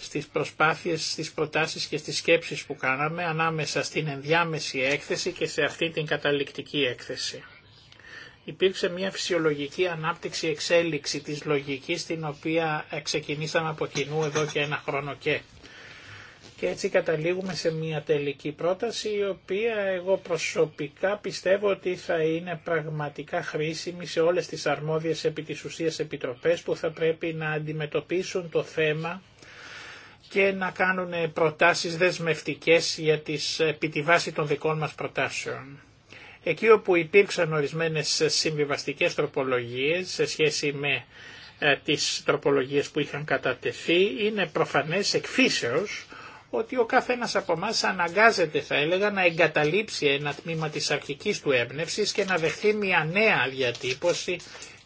στις προσπάθειες, στις προτάσεις και στις σκέψεις που κάναμε ανάμεσα στην ενδιάμεση έκθεση και σε αυτή την καταληκτική έκθεση. Υπήρξε μια φυσιολογική ανάπτυξη εξέλιξη της λογικής την οποία ξεκινήσαμε από κοινού εδώ και ένα χρόνο και. Και έτσι καταλήγουμε σε μια τελική πρόταση η οποία εγώ προσωπικά πιστεύω ότι θα είναι πραγματικά χρήσιμη σε όλες τις αρμόδιες επί της ουσίας επιτροπές που θα πρέπει να αντιμετωπίσουν το θέμα και να κάνουν προτάσεις δεσμευτικές για τις, επί των δικών μας προτάσεων. Εκεί όπου υπήρξαν ορισμένες συμβιβαστικές τροπολογίες σε σχέση με ε, τις τροπολογίες που είχαν κατατεθεί, είναι προφανές εκφύσεως ότι ο καθένας από εμά αναγκάζεται θα έλεγα να εγκαταλείψει ένα τμήμα της αρχικής του έμπνευση και να δεχθεί μια νέα διατύπωση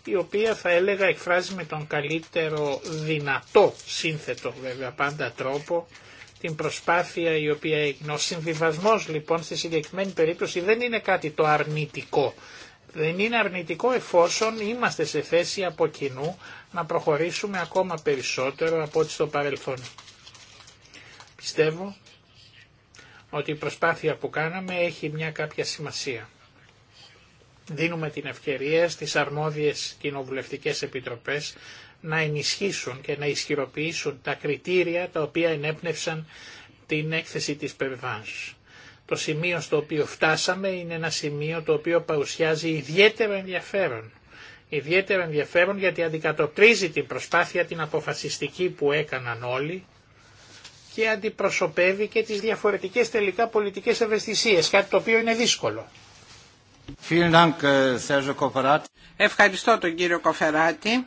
η οποία θα έλεγα εκφράζει με τον καλύτερο δυνατό σύνθετο βέβαια πάντα τρόπο την προσπάθεια η οποία έγινε. Ο συμβιβασμός λοιπόν στη συγκεκριμένη περίπτωση δεν είναι κάτι το αρνητικό. Δεν είναι αρνητικό εφόσον είμαστε σε θέση από κοινού να προχωρήσουμε ακόμα περισσότερο από ό,τι στο παρελθόν. Πιστεύω ότι η προσπάθεια που κάναμε έχει μια κάποια σημασία δίνουμε την ευκαιρία στις αρμόδιες κοινοβουλευτικές επιτροπές να ενισχύσουν και να ισχυροποιήσουν τα κριτήρια τα οποία ενέπνευσαν την έκθεση της Περβάνς. Το σημείο στο οποίο φτάσαμε είναι ένα σημείο το οποίο παρουσιάζει ιδιαίτερο ενδιαφέρον. Ιδιαίτερο ενδιαφέρον γιατί αντικατοπτρίζει την προσπάθεια την αποφασιστική που έκαναν όλοι και αντιπροσωπεύει και τις διαφορετικές τελικά πολιτικές ευαισθησίες, κάτι το οποίο είναι δύσκολο. Äh, Ευχαριστώ τον κύριο Κοφεράτη.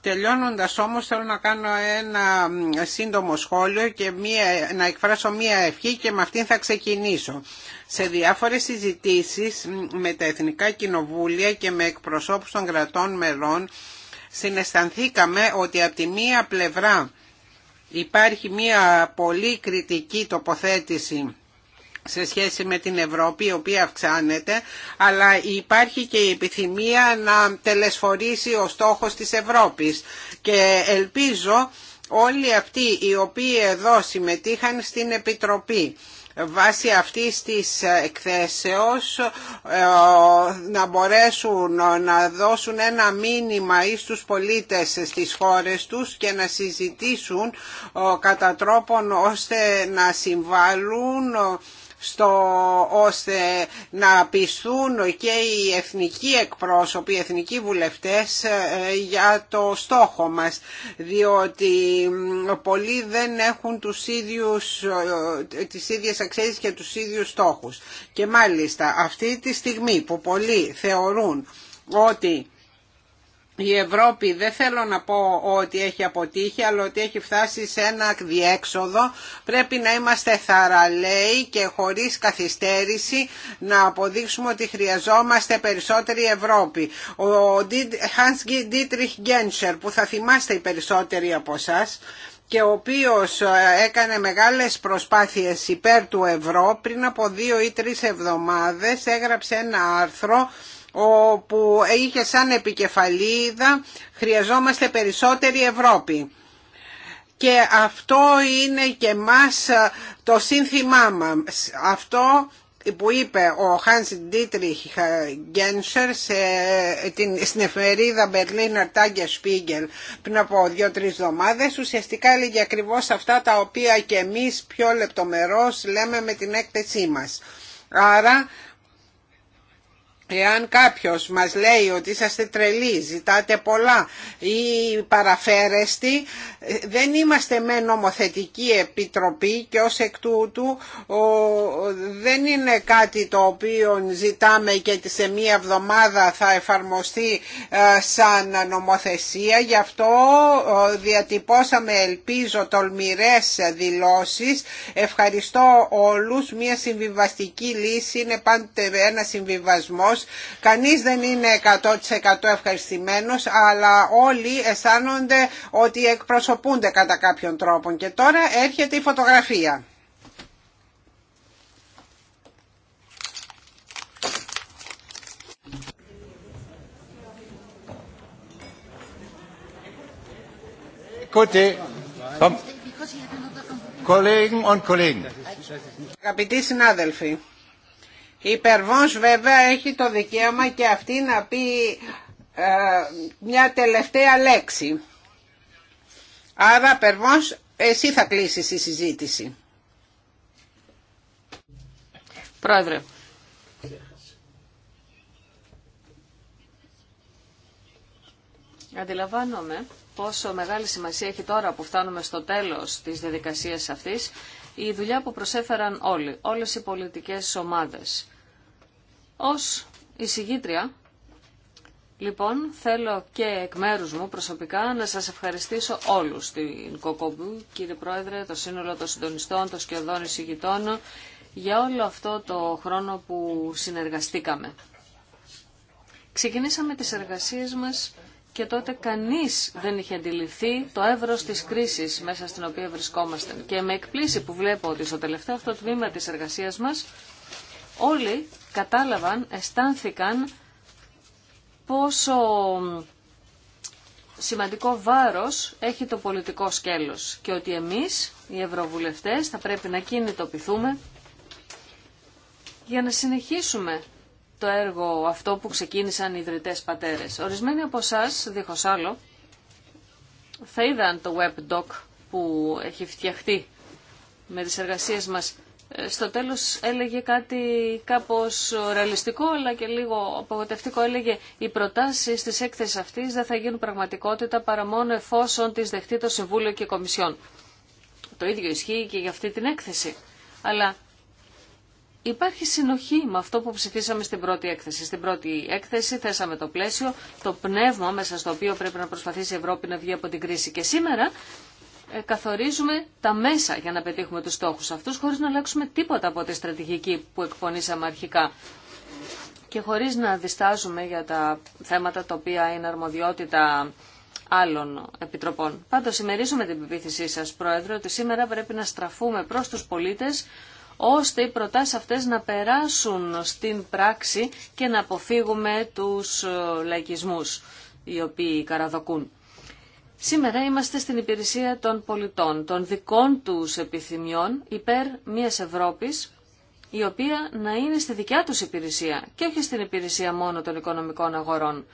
Τελειώνοντας όμως θέλω να κάνω ένα σύντομο σχόλιο και μία, να εκφράσω μία ευχή και με αυτήν θα ξεκινήσω. Σε διάφορες συζητήσεις με τα Εθνικά Κοινοβούλια και με εκπροσώπους των κρατών μερών συναισθανθήκαμε ότι από τη μία πλευρά υπάρχει μία πολύ κριτική τοποθέτηση σε σχέση με την Ευρώπη η οποία αυξάνεται αλλά υπάρχει και η επιθυμία να τελεσφορήσει ο στόχος της Ευρώπης και ελπίζω όλοι αυτοί οι οποίοι εδώ συμμετείχαν στην Επιτροπή βάσει αυτής της εκθέσεως ε, να μπορέσουν να δώσουν ένα μήνυμα εις τους πολίτες στις χώρες τους και να συζητήσουν ε, κατά τρόπον ώστε να συμβάλλουν ε, στο, ώστε να πιστούν και οι εθνικοί εκπρόσωποι, οι εθνικοί βουλευτές ε, για το στόχο μας διότι πολλοί δεν έχουν τους ίδιους, ε, τις ίδιες αξίες και τους ίδιους στόχους και μάλιστα αυτή τη στιγμή που πολλοί θεωρούν ότι η Ευρώπη δεν θέλω να πω ότι έχει αποτύχει αλλά ότι έχει φτάσει σε ένα διέξοδο πρέπει να είμαστε θαραλέοι και χωρίς καθυστέρηση να αποδείξουμε ότι χρειαζόμαστε περισσότερη Ευρώπη ο Hans Dietrich Genscher που θα θυμάστε οι περισσότεροι από εσά και ο οποίος ε, έκανε μεγάλες προσπάθειες υπέρ του ευρώ πριν από δύο ή τρεις εβδομάδες έγραψε ένα άρθρο όπου είχε σαν επικεφαλίδα χρειαζόμαστε περισσότερη Ευρώπη. Και αυτό είναι και μας το σύνθημά μας. Αυτό που είπε ο Hans Ντίτριχ Genscher στην εφημερίδα Berliner Tagesspiegel πριν από δύο-τρεις εβδομάδες ουσιαστικά έλεγε ακριβώς αυτά τα οποία και εμείς πιο λεπτομερώς λέμε με την έκθεσή μας. Άρα Εάν κάποιος μας λέει ότι είσαστε τρελοί, ζητάτε πολλά ή παραφέρεστε, δεν είμαστε με νομοθετική επιτροπή και ως εκ τούτου δεν είναι κάτι το οποίο ζητάμε και σε μία εβδομάδα θα εφαρμοστεί ε, σαν νομοθεσία. Γι' αυτό διατυπώσαμε ελπίζω τολμηρές δηλώσεις. Ευχαριστώ όλους. Μία συμβιβαστική λύση είναι πάντοτε ένα συμβιβασμός κανείς δεν είναι 100% ευχαριστημένος, αλλά όλοι αισθάνονται ότι εκπροσωπούνται κατά κάποιον τρόπο. Και τώρα έρχεται η φωτογραφία. Kollegen und Kollegen. Αγαπητοί συνάδελφοι, η Περβόνς βέβαια έχει το δικαίωμα και αυτή να πει ε, μια τελευταία λέξη. Άρα Περβόνς εσύ θα κλείσεις τη συζήτηση. Πρόεδρε. Αντιλαμβάνομαι πόσο μεγάλη σημασία έχει τώρα που φτάνουμε στο τέλος της διαδικασίας αυτής η δουλειά που προσέφεραν όλοι, όλες οι πολιτικές ομάδες. Ως εισηγήτρια, λοιπόν, θέλω και εκ μέρους μου προσωπικά να σας ευχαριστήσω όλους την Κοκομπού, κύριε Πρόεδρε, το σύνολο των συντονιστών, των σκιωδών εισηγητών, για όλο αυτό το χρόνο που συνεργαστήκαμε. Ξεκινήσαμε τις εργασίες μας και τότε κανείς δεν είχε αντιληφθεί το εύρος της κρίσης μέσα στην οποία βρισκόμαστε. Και με εκπλήσει που βλέπω ότι στο τελευταίο αυτό τμήμα της εργασίας μας όλοι κατάλαβαν, αισθάνθηκαν πόσο σημαντικό βάρος έχει το πολιτικό σκέλος και ότι εμείς οι ευρωβουλευτές θα πρέπει να κινητοποιηθούμε για να συνεχίσουμε το έργο αυτό που ξεκίνησαν οι ιδρυτές πατέρες. Ορισμένοι από εσά, δίχως άλλο, θα είδαν το web doc που έχει φτιαχτεί με τις εργασίες μας. Ε, στο τέλος έλεγε κάτι κάπως ρεαλιστικό αλλά και λίγο απογοητευτικό. Έλεγε οι προτάσεις της έκθεσης αυτής δεν θα γίνουν πραγματικότητα παρά μόνο εφόσον τις δεχτεί το Συμβούλιο και η Κομισιόν. Το ίδιο ισχύει και για αυτή την έκθεση. Αλλά Υπάρχει συνοχή με αυτό που ψηφίσαμε στην πρώτη έκθεση. Στην πρώτη έκθεση θέσαμε το πλαίσιο, το πνεύμα μέσα στο οποίο πρέπει να προσπαθήσει η Ευρώπη να βγει από την κρίση. Και σήμερα ε, καθορίζουμε τα μέσα για να πετύχουμε τους στόχους αυτούς χωρίς να αλλάξουμε τίποτα από τη στρατηγική που εκπονήσαμε αρχικά και χωρίς να διστάζουμε για τα θέματα τα οποία είναι αρμοδιότητα άλλων επιτροπών. Πάντως, ημερίζουμε την πεποίθησή σας, Πρόεδρε, ότι σήμερα πρέπει να στραφούμε προς τους πολίτες ώστε οι προτάσεις αυτές να περάσουν στην πράξη και να αποφύγουμε τους ε, λαϊκισμούς οι οποίοι καραδοκούν. Σήμερα είμαστε στην υπηρεσία των πολιτών, των δικών τους επιθυμιών υπέρ μιας Ευρώπης η οποία να είναι στη δικιά τους υπηρεσία και όχι στην υπηρεσία μόνο των οικονομικών αγορών.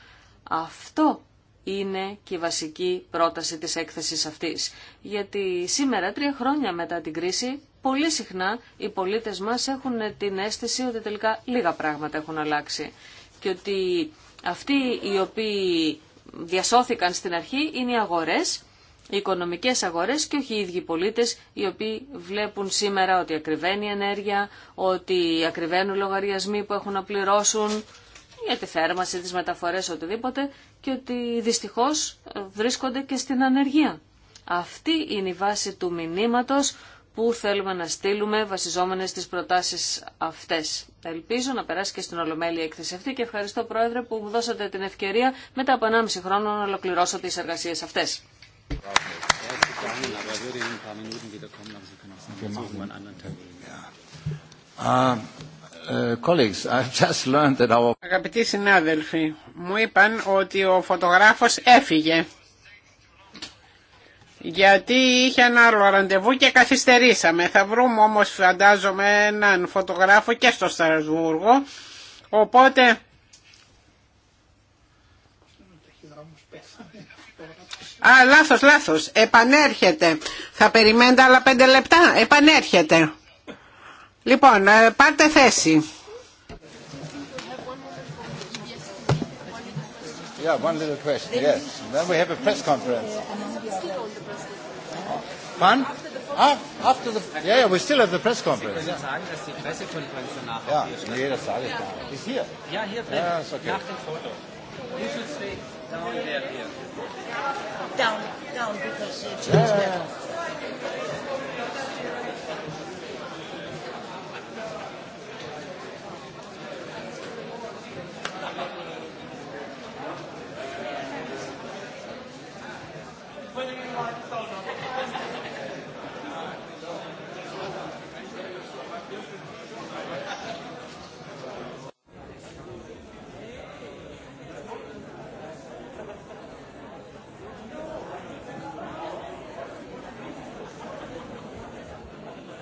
Αυτό είναι και η βασική πρόταση της έκθεσης αυτής. Γιατί σήμερα, τρία χρόνια μετά την κρίση, πολύ συχνά οι πολίτες μας έχουν την αίσθηση ότι τελικά λίγα πράγματα έχουν αλλάξει και ότι αυτοί οι οποίοι διασώθηκαν στην αρχή είναι οι αγορές, οι οικονομικές αγορές και όχι οι ίδιοι πολίτες οι οποίοι βλέπουν σήμερα ότι ακριβένει η ενέργεια, ότι ακριβένουν λογαριασμοί που έχουν να πληρώσουν για τη θέρμανση, τις μεταφορές, οτιδήποτε και ότι δυστυχώς βρίσκονται και στην ανεργία. Αυτή είναι η βάση του μηνύματος που θέλουμε να στείλουμε βασιζόμενες στις προτάσεις αυτές. Ελπίζω να περάσει και στην Ολομέλεια η έκθεση αυτή και ευχαριστώ Πρόεδρε που μου δώσατε την ευκαιρία μετά από 1,5 χρόνο να ολοκληρώσω τις εργασίες αυτές. Uh, Αγαπητοί συνάδελφοι, μου είπαν ότι ο φωτογράφος έφυγε γιατί είχε ένα άλλο ραντεβού και καθυστερήσαμε. Θα βρούμε όμως φαντάζομαι έναν φωτογράφο και στο Στρασβούργο, οπότε... Α, λάθος, λάθος. Επανέρχεται. Θα περιμένετε άλλα πέντε λεπτά. Επανέρχεται. Λοιπόν, ε, πάρτε θέση. Yeah, one little question, yes. And then we have a press conference. Fun? Ah, after the, yeah, yeah, we still have the press conference. Sie können sagen, dass die Pressekonferenz danach ja, nee, das sage ich gar nicht. Ist hier? Ja, hier drin. Ja, ist okay. Nach dem Foto. You should stay down there here. Down, down, because it's yeah,